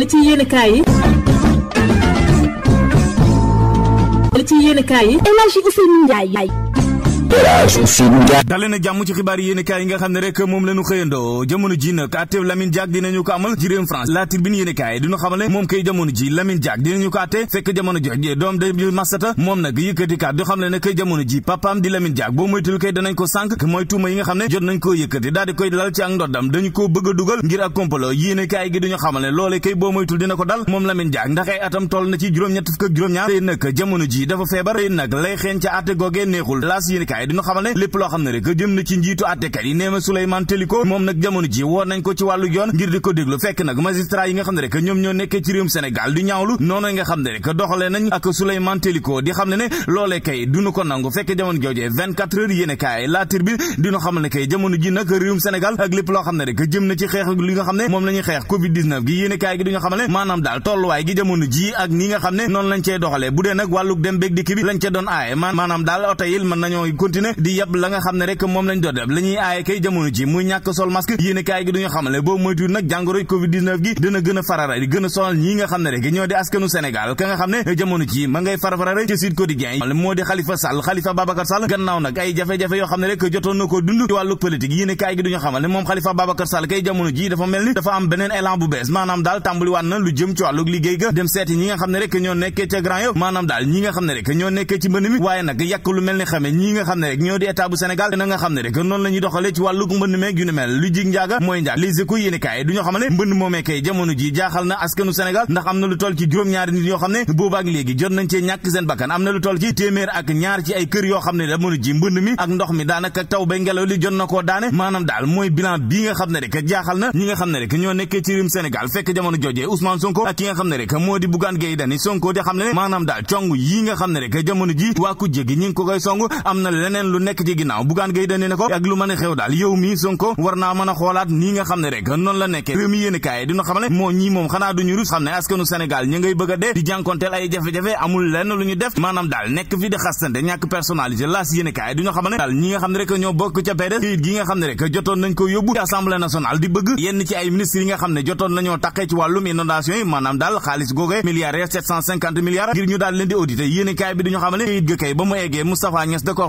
li ci yéen kaay yi. li ci yéen kaay yi. El Hadji dale na jàmm ci xibaar yéen kaay yi nga xam ne rek moom la ñu xëyandoo jamono ji nag àtte Lamine Diack dinañu ko amal ci réewum France la tribune yéen kaay yi duñu xamale ko àtte fekk jamono ji papaam di Lamine Diack boo moytul kay danañ ko sànk mooy tuuma yi nga xam ne jot nañ koo yëkkati daal di koy dal ci ak ndoddam dañu koo bëgg a dugal ngir ak complot yéen gi duñu xamal ne loole kay boo moytul dina ko dal moom Lamine Diack ndax ay atam toll na ci juróom-ñett fukk juróom-ñaar tey nag jamono ji dafa yéenekaay xamal ne lépp loo xam ne rek jëm na ci njiitu àttekat yi nee ma Souleymane moom nag jamono ji woon nañ ko ci wàllu yoon ngir di ko déglu fekk nag magistrat yi nga xam ne rek ñoom ñoo nekkee ci réewum Sénégal di ñaawlu noonu nga xam ne rek doxalee nañ ak Souleymane Teliko di xam ne ne loolee kay duñu ko nangu fekk jamono joojee 24 heures yéenekaay bi dinu xamal ne kay jamono ji nag réewum Sénégal ak lépp loo xam ne rek jëm na ci xeex li nga continuer di yab la nga xam ne rek moom lañ doon def la ñuy kay jamono ji muy ñàkk sol masque yéene gi duñu xamale boobu moytuwul nag jàngoroy covid gi dina gën farara gi duñu xamal ne nga xam ne rek ñoo nekkee ci mbënd waaye nag yàq lu mel ni xame ñi nga xam xam ne rek ñoo di état bu Sénégal na nga xam ne rek noonu la ñuy doxale ci wàllu mbënd meeg yu mel lu jig njaaga mooy njaag Les Échos yéen kaay du ñu xamal ne moomee kay jamono ji jaaxal mi ak ndox mi daanaka taw ba ngelaw li jot na koo daane maanaam daal mooy bilan bi nga xam ne rek jaaxal na ñi nga xam ne rek ñoo nekkee ci réewum Sénégal fekk jamono jojee Ousmane Sonko ak ki nga xam ne rek moo di Bougane Gueye Dany Sonko di xam ne maanaam daal cong yi leneen lu nekk ci ginnaaw Bougane Gueye ko ak lu mën a xew daal yow mi Sonko war naa mën a xoolaat nii nga xam ne rek noonu la nekkee réew mi kaay dina xam ne moo ñii moom xanaa duñu rus xam ne askanu Sénégal ñu bëgg a dee ay jafe-jafe nga xam ne jotoon nañ ko yóbbu ci assemblée di bëgg yenn ci ay ministres yi nga xam ne jotoon nañoo taqee ci wàllum inondation yi maanaam daal xaalis googee milliards 750 milliards xam ne kayit ga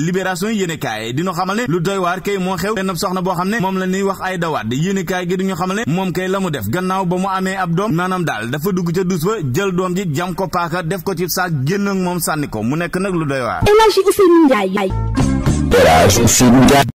libération yéenekaay dina xamal ne lu doy waar kay moo xew benn soxna boo xam ne moom la ñuy wax ay dawaat yéenekaay gi duñu xamal ne moom kay la mu def gannaaw ba mu amee ab doom maanaam daal dafa dugg ca dus ba jël doom ji jam ko paaka def ko ci saak génn ak moom sànni ko mu nekk nag lu doy waar.